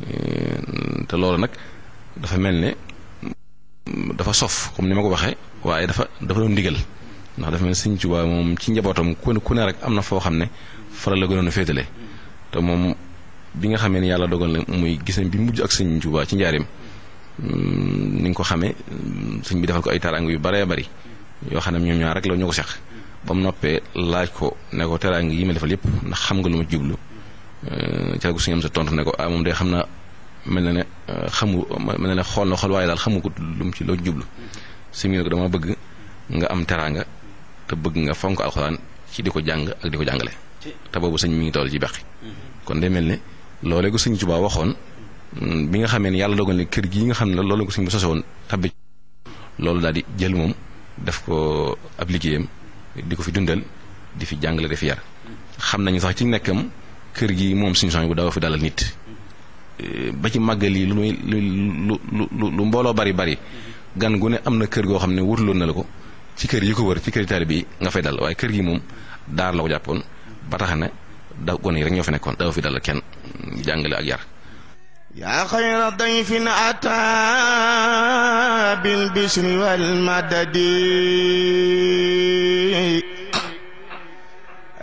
te loolu nag dafa mel ne dafa sof comme ni ma ko waxee waaye dafa dafa doon ndigal ndax dafa mel ne Sëñ Tuubaa moom ci njabootam ku ne ku ne rek am na foo xam ne faral la gënoon a féetale te moom bi nga xamee ni yàlla dogal na muy gisam bi mujj ak Sëñ Tuubaa ci njaareem mm, ni nga ko xamee mm, suñ bi defal ko ay teraanga yu baree bari yoo xam ne ñoom ñaar rek la ñoo ko seq ba mu noppee laaj ko ne ko teraanga yi ma defal yëpp ndax xam nga lu ma jublu ci la ko suñu am sa tontu ne ko ah de xam na mel na ne euh, xamu mel na ne xool na xool waaye daal xamu ko lu mu ci loo jublu suñu ne ko dama bëgg nga am teraanga te bëgg nga fonk alxuraan ci di ko jàng ak di ko jàngale. te boobu sëñ mi ngi toll ci beqi mhm. kon de mel ne loolee ko sëñ Tuubaa waxoon mm, bi nga xamee ne yàlla dogal ne kër gii nga xam ne loolu ko sëñ bi woon tabbi loolu daal di jël moom def ko ab liggéeyam di ko fi dundal di fi jàngale di fi yar mhm. xam nañu sax ci nekkam kër gi moom suñu son bu daaw fi dalal nit eh, ba ci màggal yi lu muy lu lu lu mbooloo bari bari gan gu ne am na kër goo xam ne wutuloon na la ko ci kër yi ko wër ci kër taalibe yi nga fay dal waaye kër gi moom daar la ko jàppoon ba tax na da gone yi rek ñoo fi nekkoon daaw fi dalal kenn jàngale ak yar yaa xayra dayfin ataa bil bishri wal madadi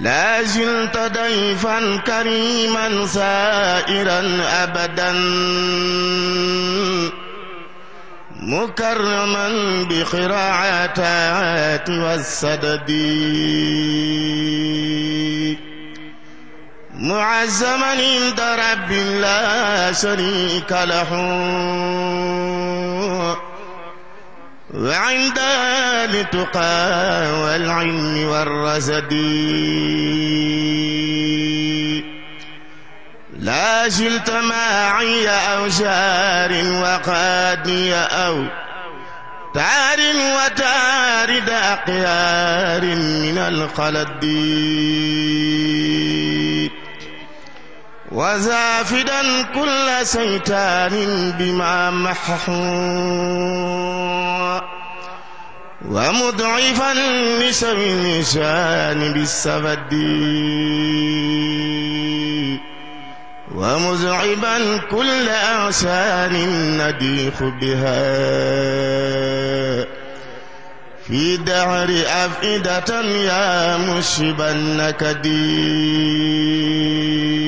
لا زلت ضيفا كريما سائرا أبدا مكرما بخراعات والسدد معزما عند رب لا شريك له وعند التقى والعلم والرزد لا زلت معي أو جار وقادي أو تار وتارد أقيار من الخلد وزافدا كل سيتان بما مححو ومضعفا لسوي النشان بالسبد ومزعبا كل أعشان نديخ بها في دهر أفئدة يا مشب النكدي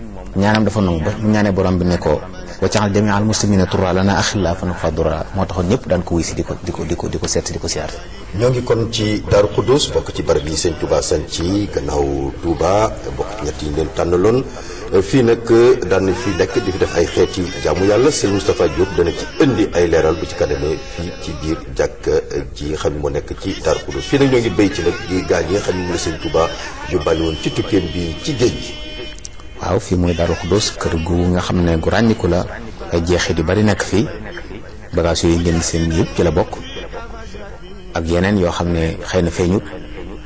ñaanam dafa nangu ba mu ñaanee borom bi ne ko waccaxal jamii al muslimina turra lana axilla fa fa dura moo taxoon ñëpp daan ko wuy si di ko di ko di ko di ko seet di ko siyaar ñoo ngi kon ci Daaru Xuddus bokk ci barab yi sëñ Touba sañ ci gannaaw Touba bokk ci ñett yi ñu leen tànnaloon fii nag daan na fi nekk di fi def ay xeeti jaamu yàlla sëñ Moustapha Diop dana ci indi ay leeral bu ci kanamee fii ci biir jàkk ji xam moo nekk ci Daaru Xuddus fii nag ñoo ngi bay ci nag di gaañ yi xam ne moom la sëñ Touba yóbbaale woon ci tukkeem bi ci géej gi waaw fii mooy Darou Khoudoss kër gu nga xam ne gu ràññiku la ay jeexit yu bari nekk fii bagage yooyu ngeen seen yëpp ci la bokk ak yeneen yoo xam ne xëy na feeñut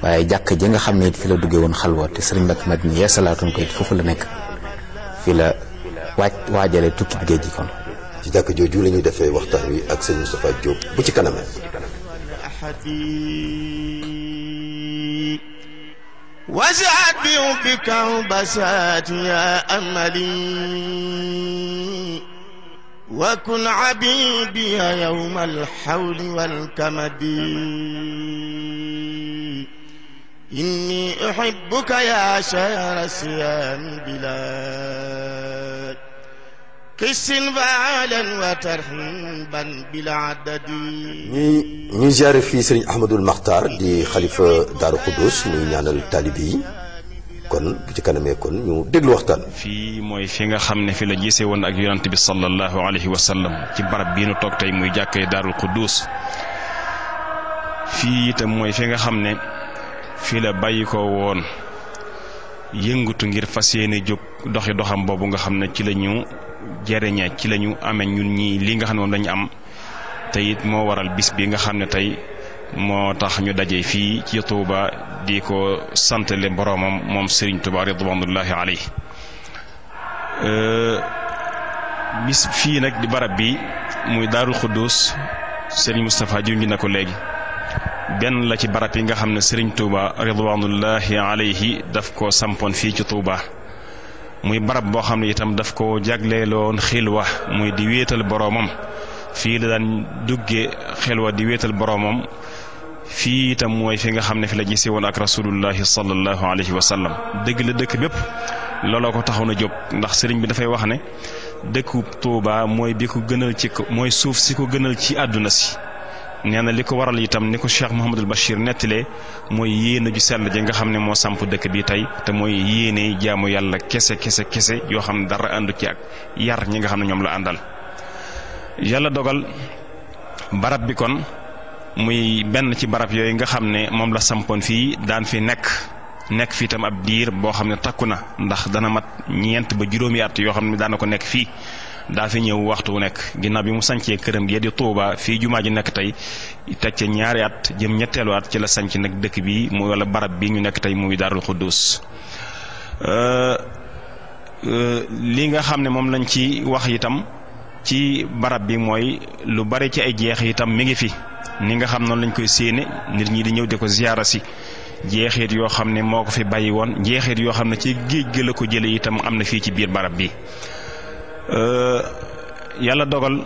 waaye jàkk ji nga xam ne it fi la duggee woon xalwa te sëriñ Mbacke Madina yeesalaatoon ko it foofu la nekk fii la waaj waajale tukki géej gi kon. ci jàkk jooju la ñuy defee waxtaan wi ak sëñ Moustapha Diop bu ci kanam. وزعت بحبك وبسات يا أملي وكن عبيدي يوم الحول والكمد إني أحبك يا شهر الصيام بلاد كسن فعالا وترحيبا بلا عدد ني زياري في سيري احمد المختار دي خليفه دار القدس ني نانال طالبي كون بيتي كانامي كون ني ديغلو وقتان في موي فيغا خامني في لا جيسيوون اك يونت بي صلى الله عليه وسلم تي برب بي نو توك تاي موي جاكاي دار القدس في تام موي فيغا خامني في لا بايكو وون yëngatu ngir fas yéene jóg doxi doxam boobu nga xam ne ci la ñu jereña ci lañu amee ñun ñii li nga xam ne moom lañu am te it moo waral bis bi nga xam ne tey moo tax ñu daje fii ci Touba di ko santale boroomam moom Serigne Touba ridwanullahi alayhi euh, bis fii nag di barab bi muy Daarul Xuddus Serigne Moustapha junj na ko léegi. ben la ci barap yi nga xamne Serigne Touba ridwanullahi alayhi daf ko sampon fi ci Touba muy barap bo xamne itam daf ko jagle lon xilwa muy di wetal boromam fi la dan dugge xilwa di wetal boromam fi itam moy fi nga xamne fi la gisee won ak rasulullahi sallallahu alayhi wa sallam deug le dëkk bépp lolo ko taxawna na ndax serigne bi da fay wax ne dëkku Touba moy bi ko gënal ci moy suuf ci ko gënal ci aduna si nee na li ko waral itam ni ko Cheikh Mouhamadul Bachir nettalee mooy yéene ju sell ji nga xam ne moo samp dëkk bi tey te mooy yéene jaamu yàlla kese kese kese yoo xam ne dara àndu ci ak yar ñi nga xam ne ñoom la àndal. yàlla dogal barab bi kon muy benn ci barab yooyu nga xam ne moom la sampoon fii daan fi nekk nekk fii itam ab diir boo xam ne takku na ndax dana mat ñeent ba juróomi at yoo xam ne daan na ko nekk fii. daa fi ñëw waxtu wu nekk ginnaaw bi mu sancee këram gi di Touba fii jumaa ji nekk tey teg ca ñaari at jëm ñetteelu at ci la sanc nag dëkk bi mu wala barab bii ñu nekk tey muy Daarul Xuddus euh, euh, li nga xam ne moom lañ ci wax itam ci barab bi mooy lu bari ci ay jeex yitam mi ngi fi ni nga xam noonu lañ koy séene nit ñi di ñëw di ko ziyaara si jeexit yoo xam ne moo ko fi bàyyi woon jeexit yoo xam ne ci géej gi la ko jële itam am na fii ci biir barab bi Euh, yàlla dogal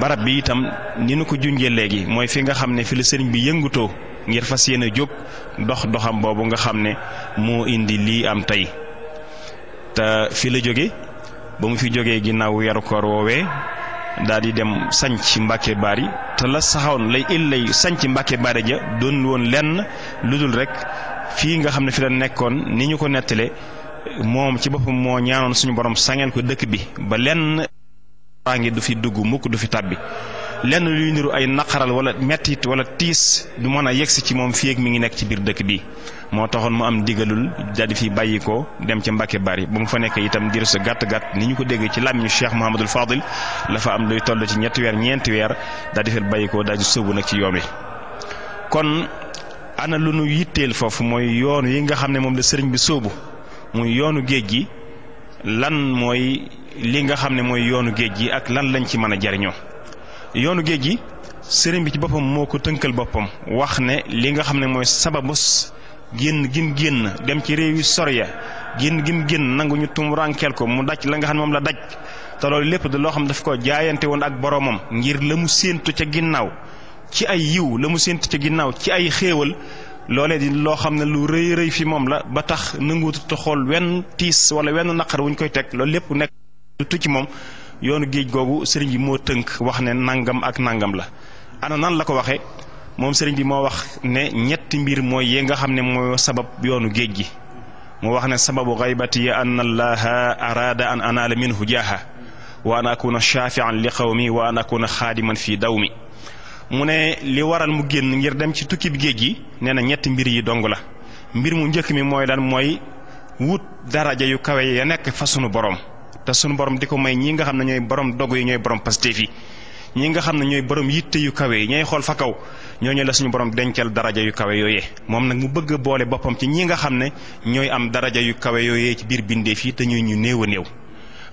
barab bi itam ni nu ko junjee léegi mooy fi nga xam ne fi la sëriñ bi yëngutoo ngir fas yéene jóg dox doxam boobu nga xam ne moo indi lii am tey te fi la jóge ba mu fi jógee ginnaaw weeru koor woowee daal di dem sañc Mbàkke Baari te la saxoon lay il sañc Mbàkke Baari ja doon woon lenn lu dul rek fii nga xam ne fi la nekkoon ni ñu ko nettalee moom ci boppam moo ñaanoon suñu borom sangeen ko dëkk bi ba lenn baa ngi du fi dugg mukk du fi tàbbi lenn luy niru ay naqaral wala mettit wala tiis du mën a yegsi ci moom fii mu ngi nekk ci biir dëkk bi moo taxoon mu am digalul daal fi bàyyi ko dem ca Mbàkke Bari ba mu fa nekk itam diir sa gàtt gàtt ni ñu ko déggee ci làmmiñu Cheikh Mouhamadul Fadil la fa am luy toll ci ñetti weer ñeenti weer daal di fa bàyyi ko nag ci yoon wi kon ana lu nu yitteel foofu mooy yoon yi nga xam ne moom la sëriñ bi sóobu. mu yoonu géej gi lan mooy li nga xam ne mooy yoonu géej gi ak lan lañ ci mën a jariñoo yoonu géej gi sëriñ bi ci boppam moo ko tënkal boppam wax ne li nga xam ne mooy sababus génn gim génn dem ci réew yi sori ya génn gim génn nangu ñu tumuraankeel ko mu daj la nga xam ne moom la daj te loolu lépp da loo xam ne daf ko jaayante woon ak boroomam ngir la mu séentu ca ginnaaw ci ay yiw la mu séentu ca ginnaaw ci ay xéewal lolé di lo xamné lu rëy rëy fi mom la ba tax nanguwutut xol wenn tiis wala wenn nakar wuñ koy tek lolé lépp nekk lu tukki moom yoonu géej gogou sëriñ bi mo teunk wax ne nangam ak nangam la ana nan la ko waxé mom sëriñ bi mo wax ne ñetti mbir moy ye nga xamné moy sabab yoonu géej gi mo wax ne sababu xaybati an allah arada an anala minhu jaha wa an akuna shafi'an li qawmi wa an akuna khadiman fi dawmi mu ne li waral mu génn ngir dem ci tukki bi géej gi nee na ñetti mbir yi dong la mbir mu njëkk mi mooy lan mooy wut daraja yu kawe ya nekk fa sunu borom te sunu borom di ko may ñi nga xam ne ñooy borom dogg yi ñooy borom pastéef yi ñi nga xam ne ñooy borom yitte yu kawe yi ñooy xool fa kaw ñooñu la suñu borom dencal daraja yu kawe yooyee moom nag mu bëgg boole boppam ci ñi nga xam ne ñooy am daraja yu kawe yooye ci biir bindee fii te ñuy ñu néew a néew.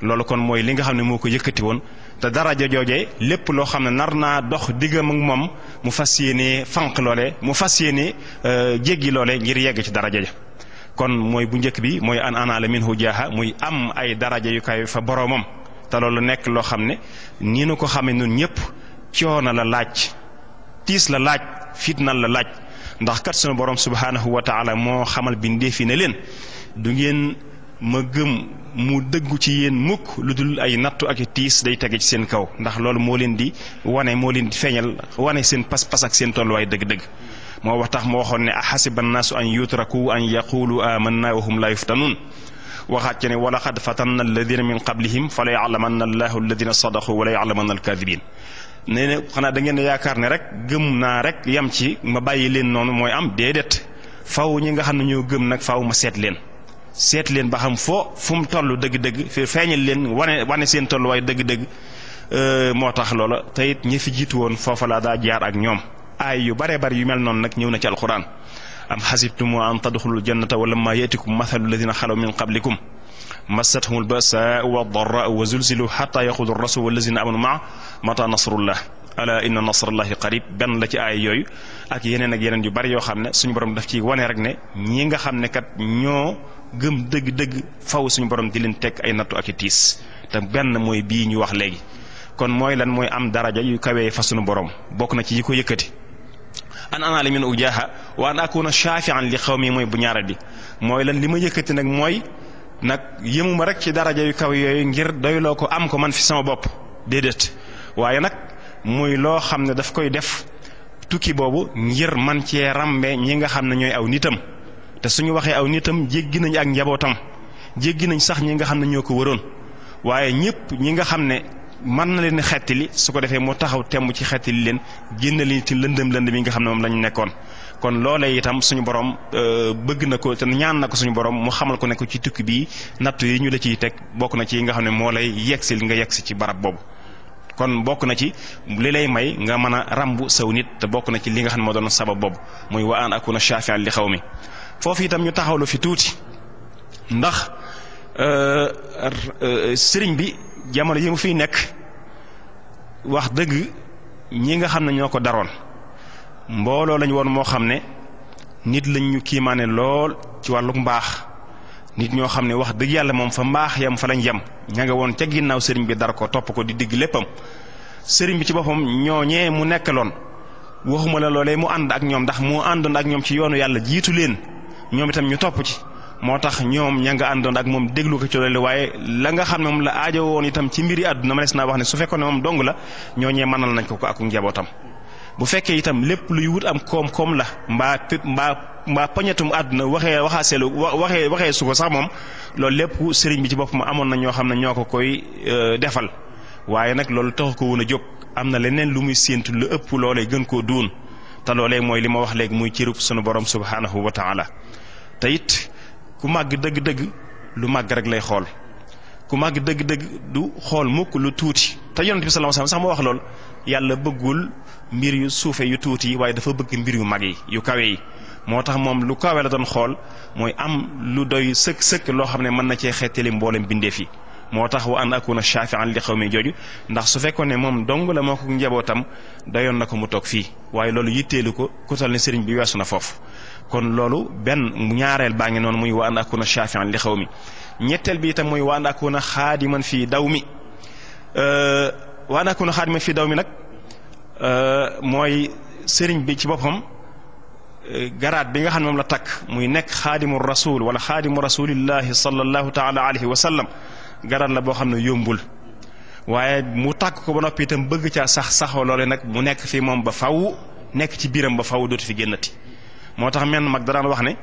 loolu kon mooy li nga xam ne moo ko yëkkati woon te daraja jooje lépp loo xam ne nar naa dox diggam ak moom mu fas yéenee fànq loole mu fas yéenee euh, jéggi loole ngir yegg ci daraja ja kon mooy bu njëkk bi mooy an anaala minhu jaaha muy am ay daraja yu kay fa boroomam te loolu nekk loo xam ne nii nu ko xamee noonu ñëpp coono la laaj tiis la laaj fitnal la laaj ndax kat sunu borom subhaanahu wa taala moo xamal bindee fi ne leen du ngeen. ma gëm mu dëggu ci yéen mukk luddul ay nattu ak tiis day tagge ci seen kaw ndax loolu moo leen di wane moo leen di feeñal wane seen pas-pas ak seen tolluwaay dëgg-dëgg moo wax tax moo waxoon ne ahasiba annaasu an yutraku an yaqulu amanna wa hum la yuftanun waxaat ci ne wa laqad fatanna alladina min qablihim fala la yalamanna allahu alladina sadaqu wa la yalamanna alkadibin nee na xanaa da ngeen ne yaakaar ne rek gëm naa rek yam ci ma bàyyi leen noonu mooy am déedéet faw ñi nga xam ne ñoo gëm nag faw ma seet leen set len ba xam fo fum tollu deug deug fi feñal len wane wane sen tollu way deug deug euh motax lola tayit ñi fi jiitu won foofa la da jaar ak ñom ay yu bare bare yu mel non nak ñëw na ci alquran am hasibtum an tadkhulu aljannata wa lamma yatikum mathalu alladhina khalu min qablikum مستهم الباساء والضراء وزلزلوا حتى zulzilu الرسول والذين امنوا معه متى نصر الله الا ان نصر الله قريب بن لا ci aay yooyu ak yeneen ak yeneen yu bari yoo xam ne suñu borom daf ci wane rek ne ñi nga xam kat ñoo gëm dëgg-dëgg faw suñu borom di leen teg ay nattu ak i tiis te benn mooy bii ñuy wax léegi kon mooy lan mooy am daraja yu kawee fa suñu borom bokk na ci yi ko yëkkati an anaale min ujaaha wa an akuna shafian li xaw mi mooy bu ñaara bi mooy lan li ma yëkkati nag mooy nag yëmuma rek ci daraja yu kaw yooyu ngir doyloo ko am ko man fi sama bopp déedéet waaye nag mooy loo xam ne daf koy def tukki boobu ngir man cee ràmbe ñi nga xam ne ñooy aw nitam te suñu waxee aw nitam jéggi nañ ak njabootam jéggi nañ sax ñi nga xam ne ñoo ko waroon waaye ñëpp ñi nga xam ne mën na leen xettili su ko defee mu taxaw temm ci xettili leen génn li ci lëndëm lëndëm yi nga xam ne moom lañu nekkoon kon loolee itam suñu borom euh, bëgg na ko te ñaan na ko suñu borom mu xamal ko ne ko ci tukki bii natt yi ñu la ciy teg bokk na ci yi nga xam ne moo lay li nga yegsi ci barab boobu kon bokk na ci li lay may nga mën a ràmbu saw nit te bokk na ci li nga xam ne moo doon sabab boobu muy wa an akuna shafi'an li xaw mi foofu itam ñu taxawlu fi tuuti ndax euh, euh, sëriñ bi jamono yi mu fiy nekk wax dëgg ñii nga xam ne ñoo ko daroon mbooloo lañ woon moo xam ne nit lañ ñu kiimaane lool ci wàlluk mbaax nit ñoo xam ne wax dëgg yàlla moom fa mbaax yam fa lañ yem ña nga woon ca ginnaaw sëriñ bi dar ko topp ko di digg léppam sëriñ bi ci boppam ñooñee mu nekkaloon waxuma la loolee mu ànd ak ñoom ndax mu àndoon ak ñoom ci yoonu yàlla jiitu leen ñoom itam ñu topp ci moo tax ñoom ña nga àndoon ak moom déglu ko ci loolu waaye la nga xam ne moom la aajo woon itam ci mbiri àdduna ma des naa wax ne su fekkoon ne moom dong la ñooñee mënal nañ ko ko ak njabootam bu fekkee itam lépp luy wut am koom la mbaa mbaa mbaa poñetum àdduna waxee waxaaseelu waxee waxee su ko sax moom loolu lépp sëriñ bi ci bopp boppam amoon na ñoo xam ne ñoo ko koy euh, defal waaye nag loolu taxu ko woon a jóg am na leneen lu muy séentu lu ëpp loolee gën koo duun talole loolee mooy li wax leg muy cirub sunu borom subhanahu wa taala tayit ku mag deug deug lu mag rek lay xol ku mag deug deug du xol mukk lu tuti ta yonent bi sallallahu alayhi wasallam sax mo wax lol yàlla bëggul mbir yu soufey yu tuti yi dafa beug mbir yu magi yu kawe yi motax mom lu kawe la don xol moy am lu doy seuk seuk lo xamne man na ci xeetali mbolam binde fi motax tax wa an akuna shafian li xawmi joju ndax su fekkone mom dong la moko njabotam dayon nako mu tok fi waye lolou yitteelu ko ku tal ne sëriñ bi wessuna fof kon lolou ben ñaarel bangi non muy wa an akuna shafian li xawmi ñettel bi tam muy wa an akuna khadiman fi dawmi euh wa an akuna xaadiman fii daw mi nag mooy sëriñ bi ci bopam garat bi nga xam mom la tak muy nek khadimur rasul wala khadimur rasulillahi sallallahu taala alayhi wa sallam garab la boo xam ne yombul waaye mu tàkk ko ba noppi itam bëgg caa sax saxoo loole nag mu nekk fii moom ba faw nekk ci biiram ba faw dootu fi génnati moo tax menn mag da daan wax ne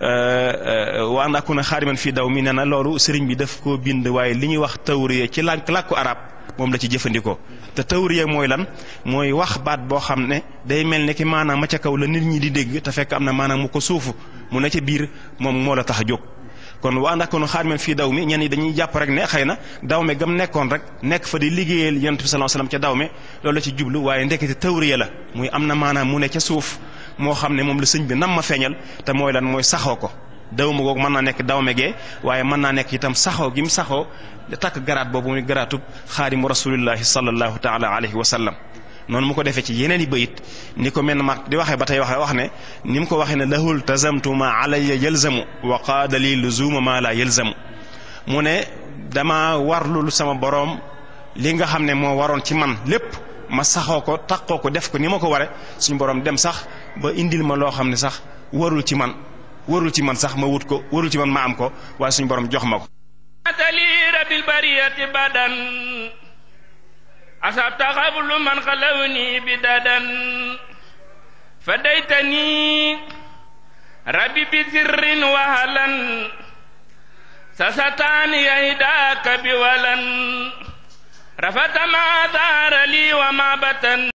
euh, euh, wa an akuna xaariman fii daw mi nee na loolu sëriñ bi daf koo bind waaye li ñuy wax tawriya ci làkk làkku arab moom la ci jëfandikoo te tawriya mooy lan mooy wax baat boo xam ne day mel ne ki maanaam ma ca kaw la nit ñi di dégg te fekk am na maanaam mu ko suufu mu ne ca biir moom moo la tax a jóg kon waa ànd ak kon xaadiman fii daw mi ñenn ñi dañuy jàpp rek ne xëy na dawme me gam nekkoon rek nekk fa di liggéeyal yonent bi sallallahu alayhi wasallam ca daw me loolu la ci jublu waaye te tawriya la muy am na maanaam mu ne ca suuf moo xam ne moom la sëñ bi nam ma feeñal te mooy lan mooy saxoo ko daw ma googu mën naa nekk dawme me gee waaye mën naa nekk itam saxoo gi mu saxoo takk garaat boobu muy garaatub xaadimu rasulillahi sallallahu taala alayhi wa sallam non mu ko defé ci yeneeni beuyit bayit ni ko men mak di waxe batay waxe wax ne ni ko waxe ne lahul tazamtu ma alayya yalzamu wa qaada li luzum ma la yalzamu mune dama warlu sama borom li nga xamne mo waron ci man lépp ma saxoko ko def ko nimako ware suñu borom dem sax ba indil ma lo xamne sax warul ci man warul ci man sax ma wut ko warul ci man ma am ko wa suñu borom jox ma أصبت قبل من خلوني بددا فديتني ربي بسر وهلا سستاني إهداك بولا رفت ما ثار لي وما بتن